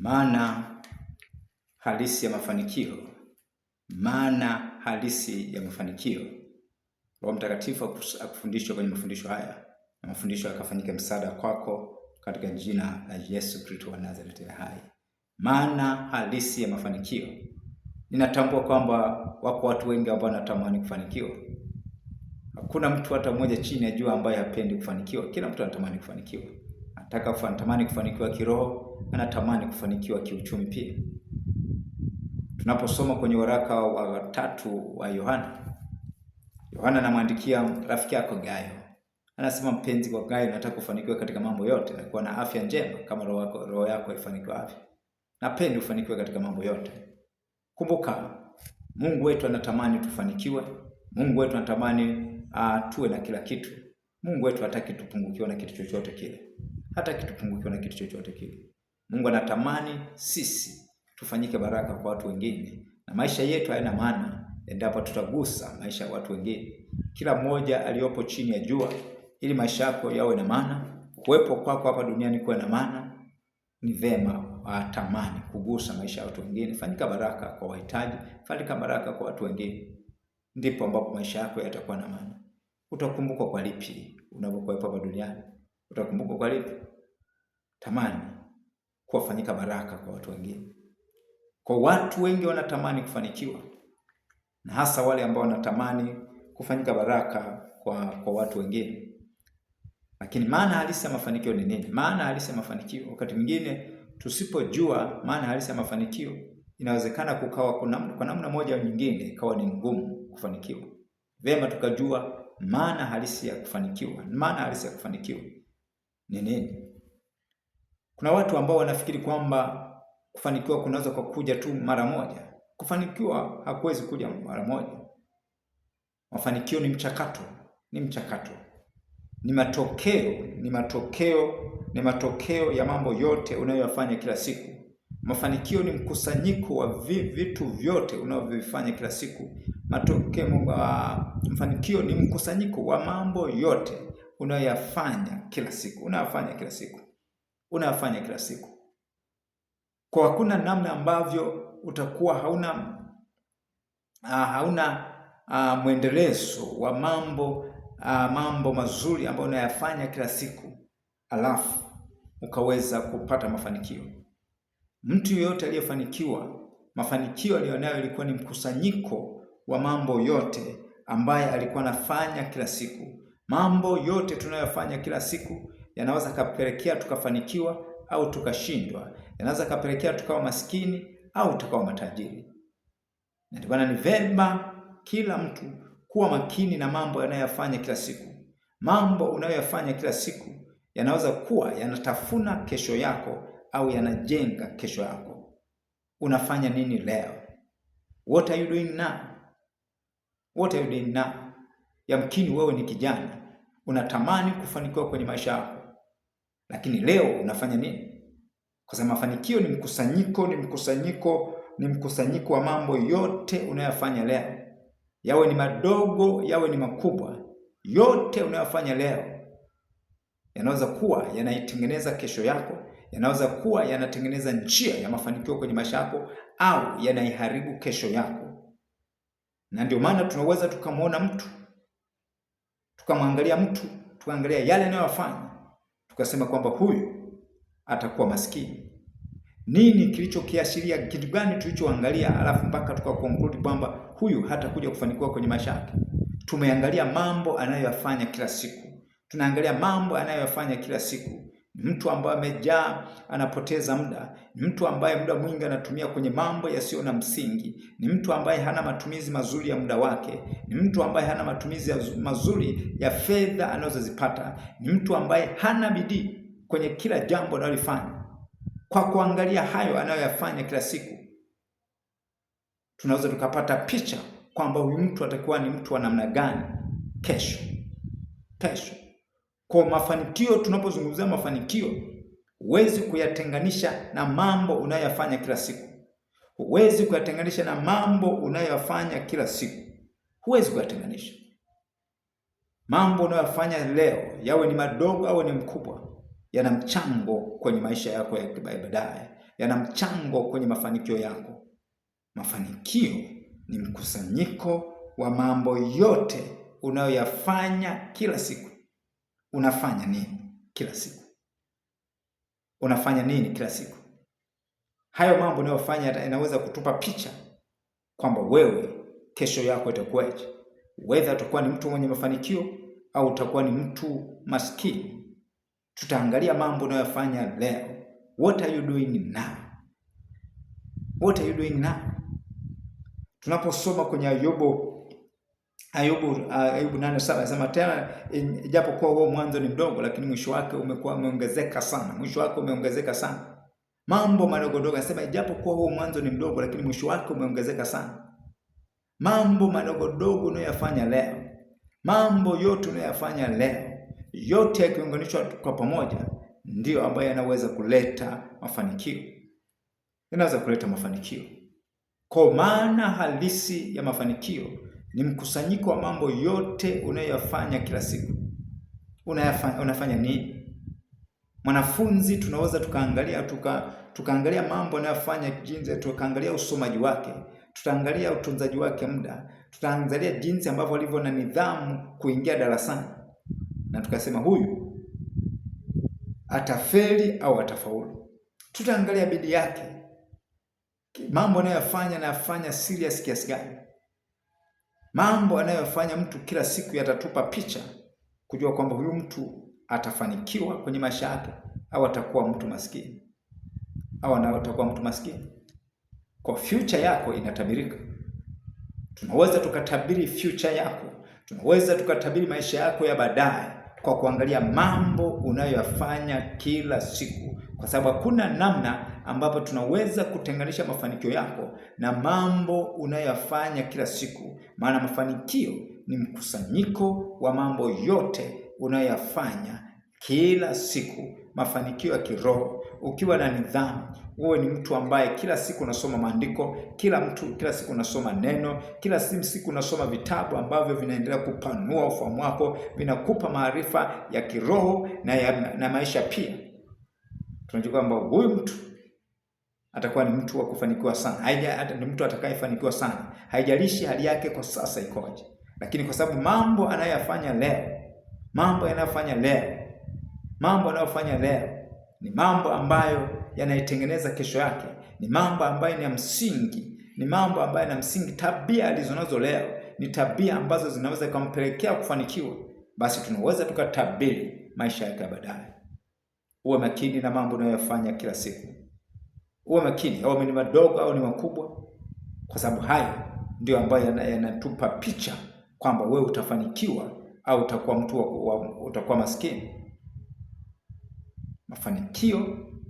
maana halisi ya mafanikio, maana halisi ya mafanikio. Roho Mtakatifu akufundishwa kwenye mafundisho haya na mafundisho yakafanyike msaada kwako katika jina la Yesu Kristo wa Nazareti hai. Maana halisi ya mafanikio. Ninatambua kwamba wako watu wengi ambao wanatamani kufanikiwa. Hakuna mtu hata mmoja chini ya jua ambaye hapendi kufanikiwa. Kila mtu anatamani kufanikiwa anataka anatamani kufanikiwa kiroho, anatamani kufanikiwa kiuchumi pia. Tunaposoma kwenye waraka wa tatu wa Yohana, Yohana anamwandikia rafiki yako Gayo, anasema mpenzi kwa Gayo, nataka kufanikiwa katika mambo yote na kuwa na afya njema kama roho yako roho yako ifanikiwe afya. Napenda ufanikiwe katika mambo yote. Kumbuka, Mungu wetu anatamani tufanikiwe. Mungu wetu anatamani uh, tuwe na kila kitu. Mungu wetu hataki tupungukiwe na kitu chochote kile hata kitupungukiwa na kitu chochote kile. Mungu anatamani sisi tufanyike baraka kwa watu wengine, na maisha yetu hayana maana endapo tutagusa maisha ya watu wengine. Kila mmoja aliyopo chini ya jua, ili maisha yako yawe na maana, kuwepo kwako hapa duniani kuwe na maana, ni vema watamani kugusa maisha ya watu wengine. Fanyika baraka kwa wahitaji, fanyika baraka kwa watu wengine, ndipo ambapo maisha yako yatakuwa na maana. Utakumbukwa kwa lipi unapokuwepo hapa duniani? utakumbukwa kwa lipi? Tamani kuwafanyika baraka kwa watu wengine. Kwa watu wengi wanatamani kufanikiwa, na hasa wale ambao wanatamani kufanyika baraka kwa, kwa watu wengine. Lakini maana halisi ya mafanikio ni nini? Maana halisi ya mafanikio, wakati mwingine tusipojua maana halisi ya mafanikio, inawezekana kukawa kwa namna moja au nyingine ikawa ni ngumu kufanikiwa. Vema tukajua maana halisi ya kufanikiwa, maana halisi ya kufanikiwa ni nini? Kuna watu ambao wanafikiri kwamba kufanikiwa kunaweza kwa kuja tu mara moja. Kufanikiwa hakuwezi kuja mara moja. Mafanikio ni mchakato, ni mchakato, ni matokeo, ni matokeo, ni matokeo ya mambo yote unayoyafanya kila siku. Mafanikio ni mkusanyiko wa vitu vyote unavyovifanya kila siku. Matokeo, mafanikio ni mkusanyiko wa mambo yote unayoyafanya kila siku, unayafanya kila siku, unayafanya kila siku, kwa hakuna namna ambavyo utakuwa hauna ah, hauna ah, mwendelezo wa mambo ah, mambo mazuri ambayo unayafanya kila siku, alafu ukaweza kupata mafanikio. Mtu yeyote aliyefanikiwa, mafanikio aliyonayo ilikuwa ni mkusanyiko wa mambo yote ambaye alikuwa anafanya kila siku Mambo yote tunayofanya kila siku yanaweza kapelekea tukafanikiwa au tukashindwa, yanaweza kapelekea tukawa maskini au tukawa matajiri. Na ndio maana ni vema kila mtu kuwa makini na mambo yanayoyafanya kila siku. Mambo unayoyafanya kila siku yanaweza kuwa yanatafuna kesho yako au yanajenga kesho yako. Unafanya nini leo? What are you doing now? What are you doing now? Yamkini wewe ni kijana unatamani kufanikiwa kwenye maisha yako, lakini leo unafanya nini? Kwa sababu mafanikio ni mkusanyiko, ni mkusanyiko, ni mkusanyiko wa mambo yote unayofanya leo, yawe ni madogo, yawe ni makubwa. Yote unayofanya leo yanaweza kuwa yanaitengeneza kesho yako, yanaweza kuwa yanatengeneza njia ya mafanikio kwenye maisha yako, au yanaiharibu kesho yako. Na ndio maana tunaweza tukamwona mtu tukamwangalia mtu, tukaangalia yale anayoyafanya, tukasema kwamba huyu atakuwa maskini. Nini kilichokiashiria? Kitu gani tulichoangalia? Alafu mpaka tukakonklude kwamba huyu hatakuja kufanikiwa kwenye maisha yake. Tumeangalia mambo anayoyafanya kila siku, tunaangalia mambo anayoyafanya kila siku mtu ambaye amejaa anapoteza muda, ni mtu ambaye muda mwingi anatumia kwenye mambo yasiyo na msingi, ni mtu ambaye hana matumizi mazuri ya muda wake, ni mtu ambaye hana matumizi mazuri ya fedha anazozipata, ni mtu ambaye hana bidii kwenye kila jambo analolifanya. Kwa kuangalia hayo anayoyafanya kila siku, tunaweza tukapata picha kwamba huyu mtu atakuwa ni mtu wa namna gani kesho kesho. Kwa mafanikio, tunapozungumzia mafanikio, huwezi kuyatenganisha na mambo unayoyafanya kila siku, huwezi kuyatenganisha na mambo unayoyafanya kila siku, huwezi kuyatenganisha. Mambo unayoyafanya leo, yawe ni madogo au ni mkubwa, yana mchango kwenye maisha yako ya baadaye, yana mchango kwenye mafanikio yako. Mafanikio ni mkusanyiko wa mambo yote unayoyafanya kila siku unafanya nini kila siku? Unafanya nini kila siku? Hayo mambo unayofanya yanaweza kutupa picha kwamba wewe kesho yako itakuwaje, wedha utakuwa ni mtu mwenye mafanikio au utakuwa ni mtu maskini. Tutaangalia mambo unayofanya leo. What are you doing now? What are you doing now? Tunaposoma kwenye Ayubu Ayubu, ah, Ayubu nane saba anasema tena, eh, ijapo kuwa huo mwanzo ni mdogo, lakini mwisho wake umekuwa umeongezeka sana, mwisho wake umeongezeka sana. Mambo madogo anasema, ijapo kuwa huo mwanzo ni mdogo, lakini mwisho wake umeongezeka sana. Mambo madogo madogodogo unayoyafanya leo, mambo yote unayoyafanya leo, yote yakiunganishwa kwa pamoja, ndiyo ambayo yanaweza kuleta mafanikio, yanaweza kuleta mafanikio. Kwa maana halisi ya mafanikio ni mkusanyiko wa mambo yote unayoyafanya kila siku. Unayafanya, unafanya nini? Mwanafunzi tunaweza tukaangalia tuka, tukaangalia mambo anayofanya jinsi, tukaangalia usomaji wake, tutaangalia utunzaji wake muda, tutaangalia jinsi ambavyo alivyo na nidhamu kuingia darasani, na tukasema huyu atafeli au atafaulu. Tutaangalia bidii yake, mambo anayoyafanya anayafanya serious kiasi gani Mambo anayofanya mtu kila siku yatatupa picha kujua kwamba huyu mtu atafanikiwa kwenye maisha yake au atakuwa mtu maskini au atakuwa mtu maskini. Kwa future yako inatabirika. Tunaweza tukatabiri future yako, tunaweza tukatabiri maisha yako ya baadaye kwa kuangalia mambo unayoyafanya kila siku kwa sababu hakuna namna ambapo tunaweza kutenganisha mafanikio yako na mambo unayoyafanya kila siku, maana mafanikio ni mkusanyiko wa mambo yote unayoyafanya kila siku, mafanikio ya kiroho. Ukiwa na nidhamu, uwe ni mtu ambaye kila siku unasoma maandiko, kila mtu kila siku unasoma neno, kila siku unasoma vitabu ambavyo vinaendelea kupanua ufahamu wako, vinakupa maarifa ya kiroho na, ya, na maisha pia tunajua kwamba huyu mtu atakuwa ni mtu wa kufanikiwa sana, haija ni mtu atakayefanikiwa sana, haijalishi hali yake kwa sasa ikoje, lakini kwa sababu mambo anayoyafanya leo, mambo yanayofanya leo, mambo anayofanya leo ni mambo ambayo yanaitengeneza kesho yake, ni mambo ambayo ni ya msingi, ni mambo ambayo na msingi. Tabia alizonazo leo ni tabia ambazo zinaweza kumpelekea kufanikiwa, basi tunaweza tukatabiri maisha yake ya baadaye. Uwe makini na mambo unayoyafanya kila siku, uwe makini, au ni madogo au ni makubwa, kwa sababu hayo ndio ambayo yanatupa picha kwamba wewe utafanikiwa au utakuwa mtu wa utakuwa maskini. Mafanikio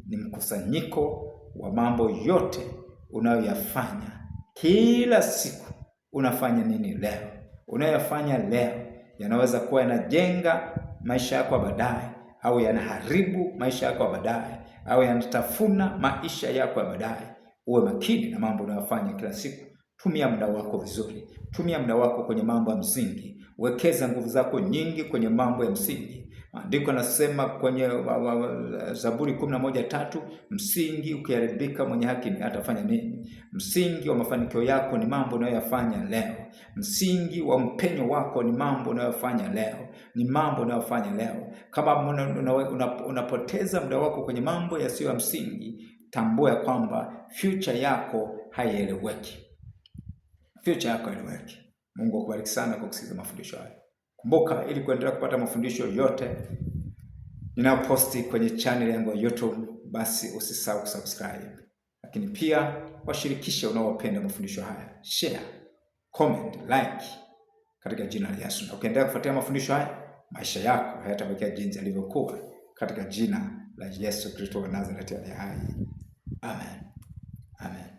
ni mkusanyiko wa mambo yote unayoyafanya kila siku. Unafanya nini leo? Unayoyafanya leo yanaweza kuwa yanajenga maisha yako baadaye au yanaharibu maisha yako ya baadaye au yanatafuna maisha yako ya baadaye. Uwe makini na mambo unayofanya kila siku. Tumia muda wako vizuri, tumia muda wako kwenye mambo ya msingi, wekeza nguvu zako nyingi kwenye mambo ya msingi. Maandiko anasema kwenye Zaburi kumi na moja tatu msingi ukiharibika, mwenye haki atafanya nini? Msingi wa mafanikio yako ni mambo unayoyafanya leo. Msingi wa mpenyo wako ni mambo unayofanya leo, ni mambo unayofanya leo. Kama unapoteza muda wako kwenye mambo yasiyo ya msingi, tambua ya kwamba future yako haieleweki future yako ileweke. Mungu akubariki sana kwa kusikiza mafundisho haya. Kumbuka, ili kuendelea kupata mafundisho yote ninayoposti kwenye channel yangu ya YouTube, basi usisahau kusubscribe, lakini pia washirikishe unaowapenda mafundisho haya, share, comment, like katika jina la Yesu. Na ukiendelea kufuatia mafundisho haya, maisha yako hayatabakia jinsi yalivyokuwa katika jina la Yesu Kristo wa Nazareti aliye hai. Amen. Amen.